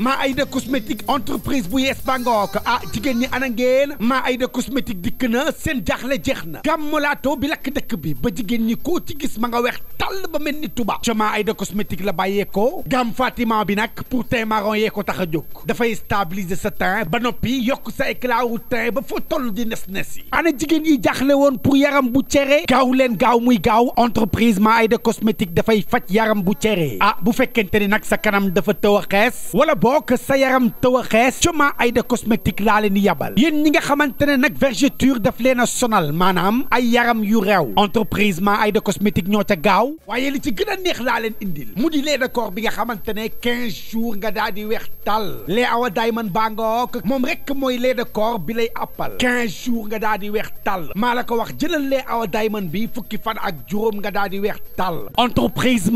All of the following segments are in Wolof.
maa Aïda cosmétique entreprise bu yees bangook ah jigéen ñi ana ngeen maa Aïda cosmétique dikk na seen jaaxle jeex na gàmmolaato bi lakk dëkk bi ba jigéen ñi koo ci gis ma nga weex tàll ba mel ni tubaab ca maa Aïda cosmétique la bàyyee ko gamme Fatima bi nag pour teint marron yee ko tax a jóg dafay stabiliser sa teint ba noppi yokk sa éclat wu teint ba foo toll di nes nes yi ana jigéen yi jaaxle woon pour yaram bu cere gaaw leen gaaw muy gaaw entreprise maa Aïda cosmétique dafay faj yaram bu cere ah bu fekkente ni nag sa kanam dafa tëw a xees moo ko sa yaram taw a xees cuma ay de cosmétique laa leen di yabal yéen ñi nga xamante ne nag vergeture daf leen a maanaam ay yaram yu reew entreprise ma ay de cosmétique ñoo ca gaaw waaye li ci gën a neex laa leen indil mu di lait de corps bi nga xamante ne quinze jours nga daal di weex tàll lait awa diamond baa nga wook moom rek mooy lait de corps bi lay appal quinze jours nga daal di weex tal maa la ko wax jëlal lait awa man bi fukki fan ak juróom nga daal di weex tàll entreprise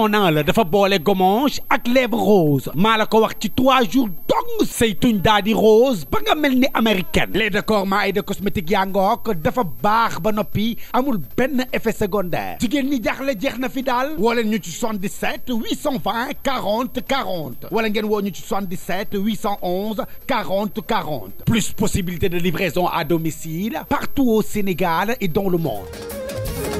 non naa la dafa boole gommage ak lèvre rose maa la ko wax ci trois jours dong say tuñ daa di rose ba nga mel ni américaine les décor ma ay de cosmétique yaa ngook dafa baax ba noppi amul benn effet secondaire jigéen ñi jaxle jeex na fi daal woo ñu ci 77 820 40 40 wala ngeen woo ñu ci 77 811 40 40 plus possibilité de livraison à domicile partout au Sénégal et dans le monde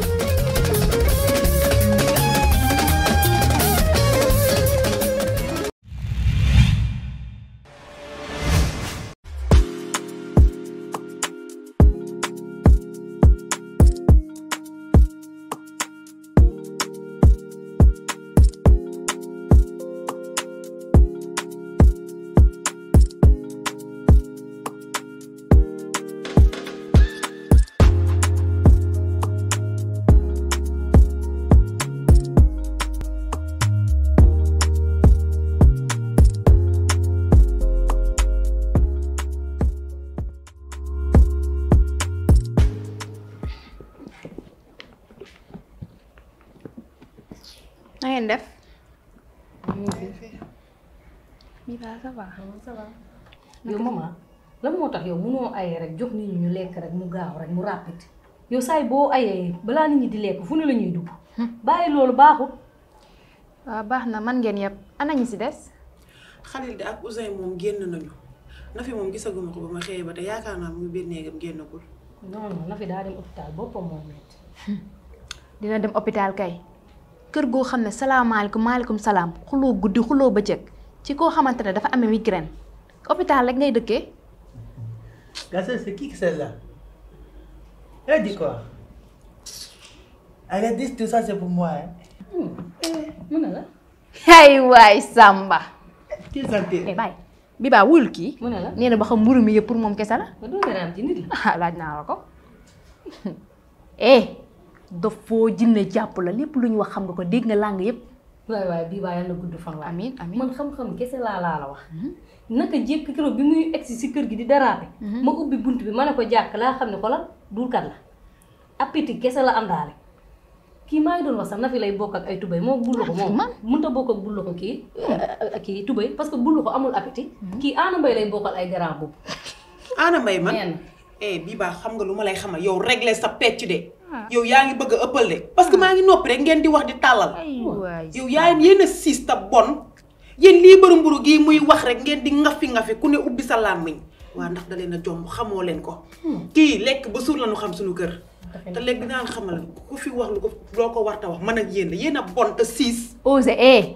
ça va ça va. yow maman lan moo tax yow munoo ayee rek jox nit ñu lekk rek mu gaaw rek mu rapide yow saay boo ayee balaa nit ñi di lekk fu ne la ñuy dugg. Hmm. bàyyi loolu baaxut. waaw ah, baax na man ngeen yëpp ana ñi si des. Khalil de ak Ousseyn moom génn nañu Nafi moom gisaguma ko ba ma xëyee ba te yaakaar naa mu ngi biir néegam génnagul. non non daa dem hôpital boppam moo métti. Hmm. dina dem hôpital kay kër goo xam ne salaamaaleykum maaleykum salaam xuloo guddi xuloo bëccëg. ci ko xamantene dafa amé migraine hôpital rek ngay dëkkee. gassé c'est qui c'est là Elle dit quoi Elle dit tout ça c'est pour moi. Hein? Mun hmm. eh, na hey way Samba. kii santé eh, yi. bye bi baa wul ki mun na la ba xam mburu mi yëpp pour mom kessa la. do doon am ci nit la. Ah, laaj na la ko. eh do fo jinne japp la lépp lu wax xam nga ko dégg nga lang yëpp way way bi waa yàlla gudd fan waay amiin amiin man xam-xam kessé la la la wax hmm? naka jékki kéro bi muy egsi ci kër gi di dérapé hmm? ma ubbi buntu bi mané ko jakk la xamné ko ne dul dulkat la appétit kessé la àndaale ki maa ngi doon wax sax na fi lay bok ak ay tubay mo bullu ko mom mën ta bok ak bullu ko ak ki tubay parce que bullu ko amul appétit hmm? ki ana mbay lay bokal ay grand boobu ana mbay man eh bi ba xam nga luma lay xamal yow régler sa pecc dé ah. yow yaangi bëgg ëppal dé parce que ah. maa ngi rek ngeen di wax di talal yow yaayam yéen a siis ta bon yéen lii bëru mburu muy wax rek ngeen di ngafi ngafi ku ne ubbi sa làmmiñ waa ndax da leen a jomb xamoo leen ko hmm. kii lekk ba suur lañu xam suñu kër te léegi dinaa xamal ko fi wax lu ko loo ko war ta wax man ak yéen yéen a bon te siis osé eh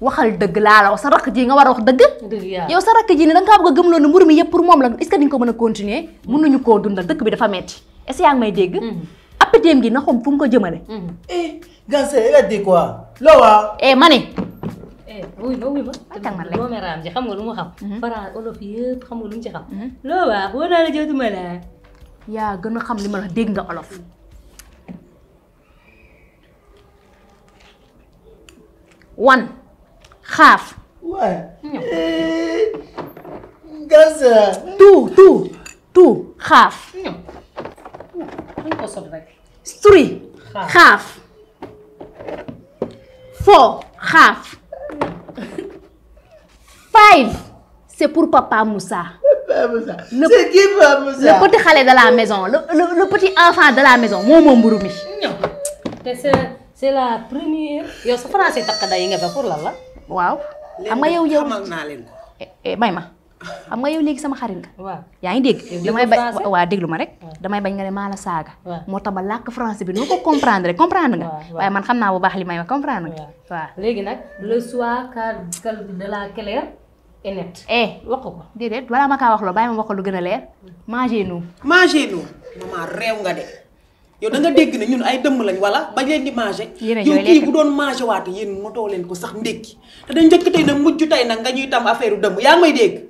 waxal dëgg laa la wax sa rakk ji nga war a wax dëgg yow sa rakk ji ne da nga kaa bëgg a gëmloo ne mburu mi yëpp pour moom la est ce que di nga ko mën a continuer hmm. mën koo dundal dëkk bi dafa metti est ce que yaa ngi may hmm. gi na xam fu mu ko jëmale eh, Gansé e il e, e, a dit quoi. loo waa. eh ma wuy ma wuy ma. tàng ma lay raam ji xam nga lu mu xam. Mhm. Fara olof yëpp xam nga lu mu ci xam. Mhm. loo waa boo naa la yaa gën a xam li ma la dégg nga olof. wan. xaaf. waay. Eh, Gansé. tout tout xaaf. ñoom. xaaf. Four, half. Five, c'est pour papa Moussa. Le, c'est qui papa Moussa? Le petit chalet de la maison, le, le, le petit enfant de la maison, mon mon C'est la première. Yo, sa français takk day nga fa pour la la. Waaw. Xam ou yo? Eh, eh, ma. xam nga yow léegi sama xarit nga wa ngi dégg damay wa waa déglu ma rek damay bañ nga ne mala saga mo moo lak français bi noko comprendre comprendre nga waye man xamna bu baax li may wax comprendre nga wa léegi nak le soir car de la claire et net eh wax ko wala balaa ma kaa wax loo bàyyi ma wax ko lu gën a leer nous mangez nous maman réew nga de yow da nga dégg ne ñun ay dëmm lañ wala bañ leen di manger yow kii bu doon manger waate yéen motoo leen ko sax ndékki te dañ njëkk tey nag mujj tey nag nga ñuy tam affaire dëmm yaa may dégg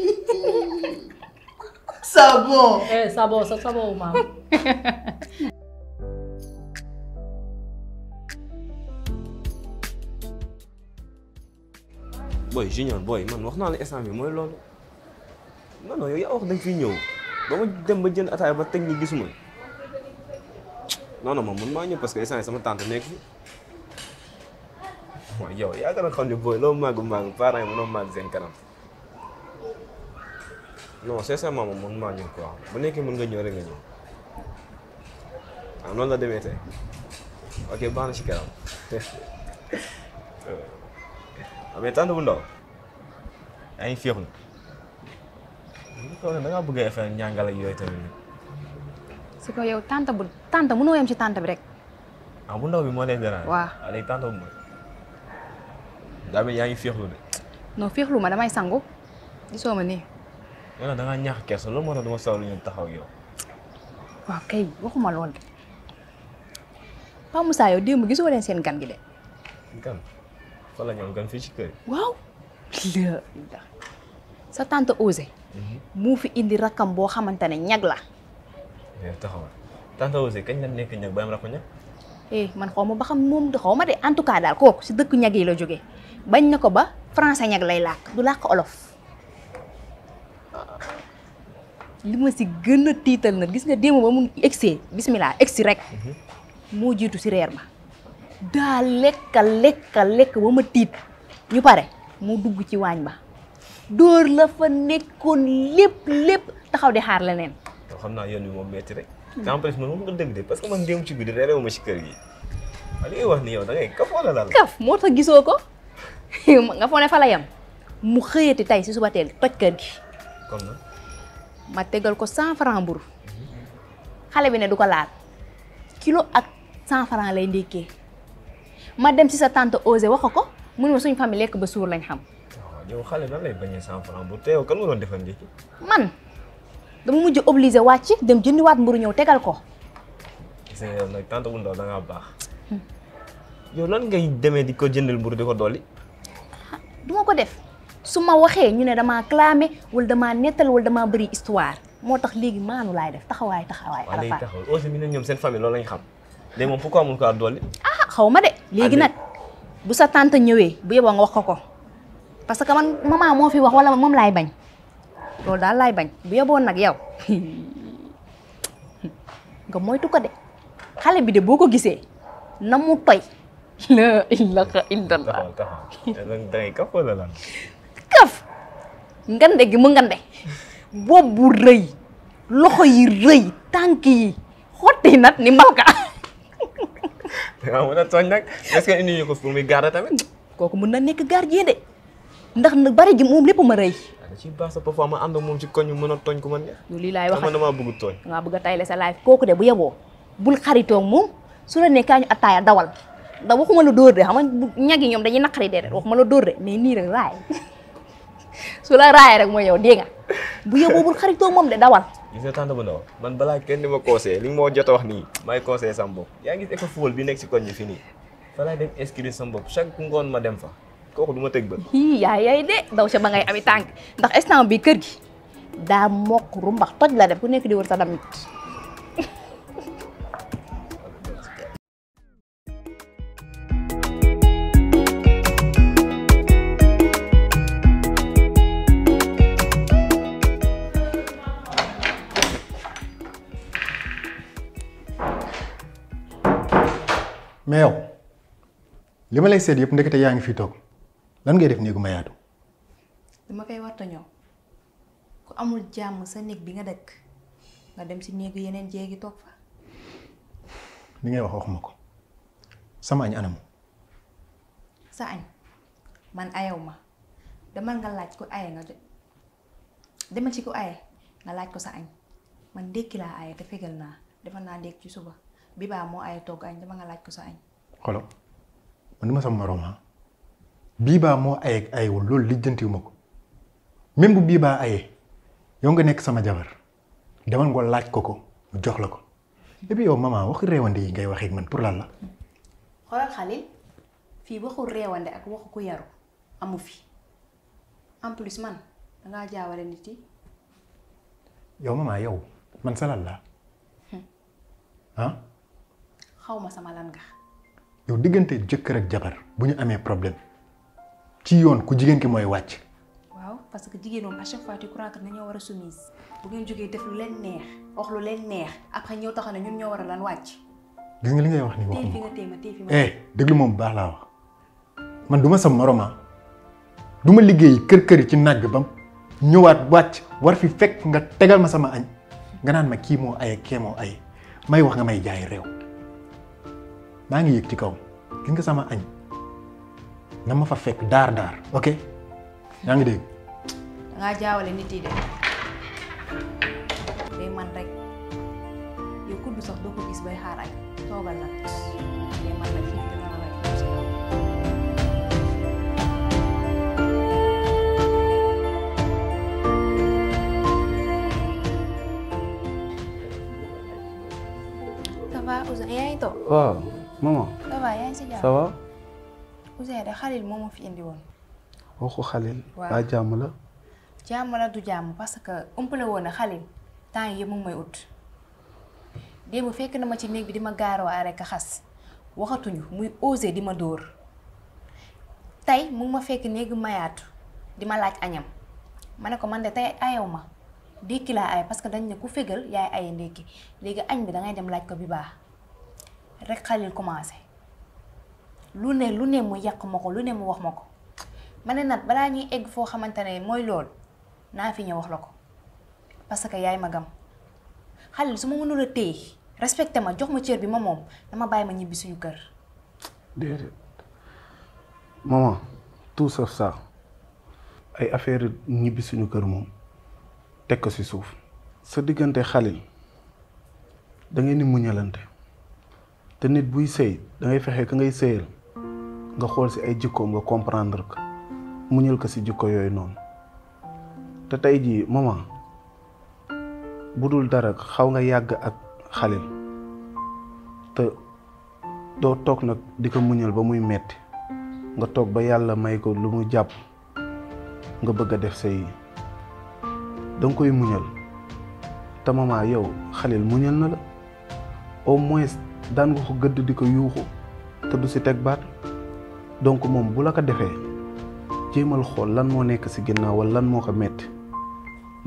Tá bom. É, tá bom, só tá junior boy man wax naa la instant bi mooy loolu non non yaa wax da nga ñëw ba ma dem ba jën ataay ba teg ñi gisuma non non man man maa ñëw parce que instant sama tante nekk fi waaye yow yaa gën a xam booy loo màgg màgg parents yi mënoo màgg seen kanam. non sincèrement moom mën maa ñëw quoi bu nekkee mën nga ñëw rek nga ñëw waaw la demee tey ok baax na ci kanam mais tànn bu ndaw yaa ngi féexlu da bëgg a fay ñàngal ak yooyu tamit. su ko yow tànta bu tànta mënoo yem ci tànta bi rek. ah bu ndaw bi moo lay dérange. waaw ah léegi tànta bu mag. damay sangu gisoo ma nii. yow nag da ngaa ñaax kersa loolu moo tax duma sawlu ñu taxaw yow wa kay waxuma loolu de Paa Moussa yow démb gisoo leen sen gan gi de gan fa la ñoom gan fii ci kër waaw sa tante Osé mhm. mu fi indi rakam bo xamante ne ñag la ya, taxaw tante Osé kañ la nek ñag bayam am rakku ñag eh man xaw ma ba xam mom xaw xawma de en tout cas dal kooku ci dëkk ñag yi la jógee bañ na ko ba français ñag lay làkk du làkk olof li ma si gën tiital na gis nga démb ba mu egsi bismillah egsi rek moo jiitu ci reer ma daa lekka lekka lekk ba ma tiit ñu pare moo dugg ci waañ ba dóor la fa nekkoon lépp lépp taxaw di xaar leneen. yow xam naa yoon bi moom metti rek. n'empêche man moom nga dëgg de parce que man démb ci biir reerewu ma si kër gi. waaye li ngay wax ni yow da ngay kaf la. kaf moo tax gisoo ko nga foog fa la yem mu xëyati tey si suba teel toj kër gi. ma tegal ko cent franc mburu xale bi ne du ko laal kilo ak cent franc lay ndékkee ma dem ci sa tante ose wax ko mu ne ma suñu famille lekk ba suur lañ xam. waaw yow xale nan lay bañee cent franc mburu te yow kan nga doon defal ndékki. man dama mujj obligé wàcc dem jëndiwaat mburu ñëw tegal ko. gis bu ndaw da baax. yow lan ngay demee di ko jëndal mburu di ko dolli. Ah, duma ko def. su ma waxee ñu ne damaa clamé wala damaa nettal wala damaa bari histoire moo tax léegi maanu laay def taxawaay taxawaay. alafaar waaw taxaw aussi ñun ñoom seen famille loolu lañ xam léegi moom pourquoi mun ko a ah, xaw ma de léegi nag bu sa tante ñëwee bu wax ko ko que man maman moo fi wax wala moom laay bañ loolu daal laay bañ bu nag yow nga moytu ko de bi de boo ko gisee na mu toy. la lëf ngande gi mu ngande bopp bu rëy loxo yi reuy tanki yi xotti nag ni malka da ngaa mën a nak est-ce que ñu ko pour muy garde tamit kooku mën na nek gardien de ndax na bari gi mom lepp ma reuy da ci baax sa parfois ma ànd moom ci koñu ñu mën ko man ne li lay wax man damaa bëgg tooñ nga bëgg a tayle sa life koku de bu yeboo bul xaritoog mom su la nekkaa ñu attaaya dawal da waxuma lu door de xam nga ñagi ñom dañuy nakari de waxuma lu door de mais ni rek raay raay rek mo yow de nga bu yóbboo bul xaritoo mom de dawal gis nga tante bu ndaw man bala kenn dima conseil li mo jott wax ni may conseil sam bopp yaa ngi école fool bi nekk ci koñ fini fii fa laay dem inscrire sam bopp chaque ngone ma dem fa kooku duma tegg ba hi yaay yaay ya, de daw sa ba ngay ami tank ndax instant bi keur gi da mok rumbax toj la def ku nekk di wër sa dam li ma lay seet yëpp ndekete yaa ngi fi toog lan ngay def néegu mayaatu. dama koy warta ñëw ku amul jàmm sa néeg bi nga dëkk nga dem si néegu yeneen jéegi toog fa. li ngay wax waxuma ko sama añ anamu. sa añ man ayaw ma demal nga laaj ko aye nga demal si ko aye nga laaj ko sa añ man ndékki laa aye te fegal naa defal naa ndékk ci suba bi baa moo aye togg añ dama nga laaj ko sa añ. man dama sama morom ah bii baa ay ak loolu lijjantiwuma ko même bu bii ayee yow nga nekk sama jabar demal nga laaj ko ko mu jox la ko et yow maman wax réewande yi ngay waxee man pour lan la. xoolal Khalil fii waxu réewande ak waxu ku yaru amu fi en plus man dangaa jaawale nit yi. yow maman yow man sa lan la hmm. ah? xaw ma sama lan nga. yow digënté jëkër ak jabar bu ñu amee problème ci yoon ku jigen ki moy wacc waaw parce que jigen mom à chaque fois tu crois que nañoo wara soumise bu ngeen joggé def lu leen neex wax lu leen neex après ñëw taxana ñun ñoo wara lan wacc gis nga li ngay wax ni waxuma eh déglu moom baax la wax man duma ma sa moroma du liggéey kër kër ci nag bam ñëwaat wacc war fi fekk nga tegal ma sama añ nga naan ma kii moo aye kee moo aye may wax nga may jaay réew. maa ngi yëg ci kaw gis nga sama añ na ma fa fekk daar daar ok yaa ngi dégg. da jaawale nit yi de day man rek yow kudd sax doo ko gis bay xaar ay toogal nag day man rek fii dina la ça va Ouzin yaa ngi toog waaw maman. ça va si jàmm ça va. Ouzin de xalil moo ma fi indi woon. waxu xalil. waaw waa jàmm la. jàmm la du jàmm parce que umpale woon na xalil temps yii mu ngi may ut. démb fekk na ma ci néeg bi di ma gaaroo aare ka xas waxatuñu muy osé di ma dóor tey mu ngi ma fekk néegu mayaatu di ma laaj añam ma ne ko man de tey ayaw ma ndékki laa ay parce que dañ ne ku fégal yaay aye ndékki léegi añ bi dangay dem laaj ko bi baax. rek Xalil commencé lu ne lu ne mu yàq ma ko lu ne mu wax ma ko ma ne nag balaa ñuy egg foo xamante ne mooy lool naa fi ñëw wax la ko parce que yaay magam gam Xalil su ma mënul a téye respecté ma jox ma cër bi ma moom dama bàyyi ma ñibbi suñu kër. déedéet maman tout ay affaire ñibbi suñu kër moom teg ko ci suuf. sa diggante Xalil da ngeen ni muñalante. te nit buy sëy da ngay fexe ka ngay sëyal nga xool si ay jikkoom nga comprendre ko muñul ko si jikko yooyu noonu te tey jii moment bu dul dara xaw nga yàgg ak Khalil te doo toog nag di ko muñal ba muy metti nga toog ba yàlla may ko lu mu jàpp nga bëgg a def say danga koy muñal te moment yow Khalil muñal na la daan nga ko gëdd di ko yuuxu te du si teg baat donc moom bu la ko defee jéemal xool lan moo nekk si ginnaaw wala lan moo ko metti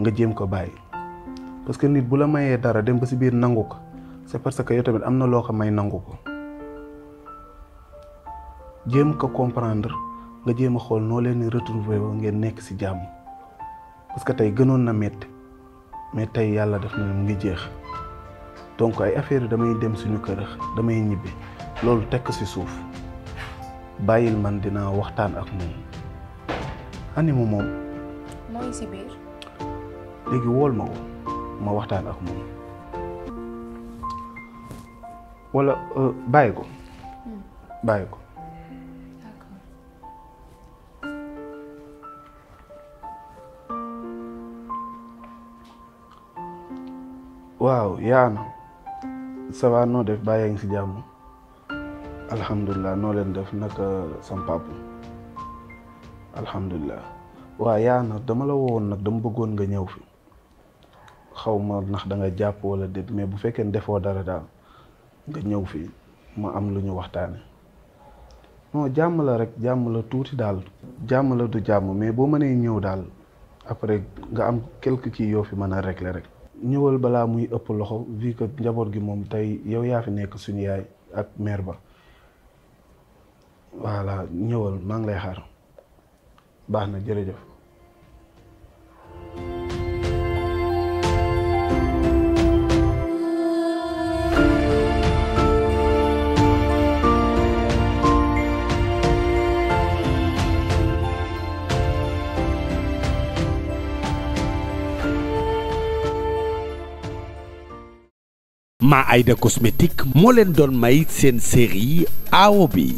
nga jéem ko bàyyi parce que nit bu la mayee dara dem ba si biir nangu ko c'est parce que yow tamit am na loo ko may nangu ko jéem ko comprendre nga jéem a xool noo leen di retrouver wo ngeen nekk si jàmm parce que tey gënoon na metti mais tey yàlla def na mu ngi jeex donc ay affaire damay dem suñu kër damay ñibbi loolu tekk ci suuf bàyyil man dinaa waxtaan ak moom animu moom. léegi wool ma ko ma waxtaan ak moom walla euh, bàyyi ko hmm. bàyyi ko. waaw yaana ça noo def bàyyi ngi si jàmm alhamdulilah noo leen def naka sam papa alhamdulilah waaw yaa nag dama la wowoon nag dama bëggoon nga ñëw fi xaw ma ndax da nga jàpp wala déet mais bu fekkee defoo dara daal nga ñëw fii ma am lu ñu waxtaane non jàmm la rek jàmm la tuuti daal jàmm la du jàmm mais boo mënee ñëw daal après nga am quelque kii yoo fi mën a régler rek ñëwal balaa muy ëpp loxo vu njaboot gi moom tey yow yaa fi nekk suñu yaay ak mère ba voilà ñëwal maa ngi lay xaar baax na jërëjëf. maa ay Aïda cosmétique moo leen doon may seen série awo bi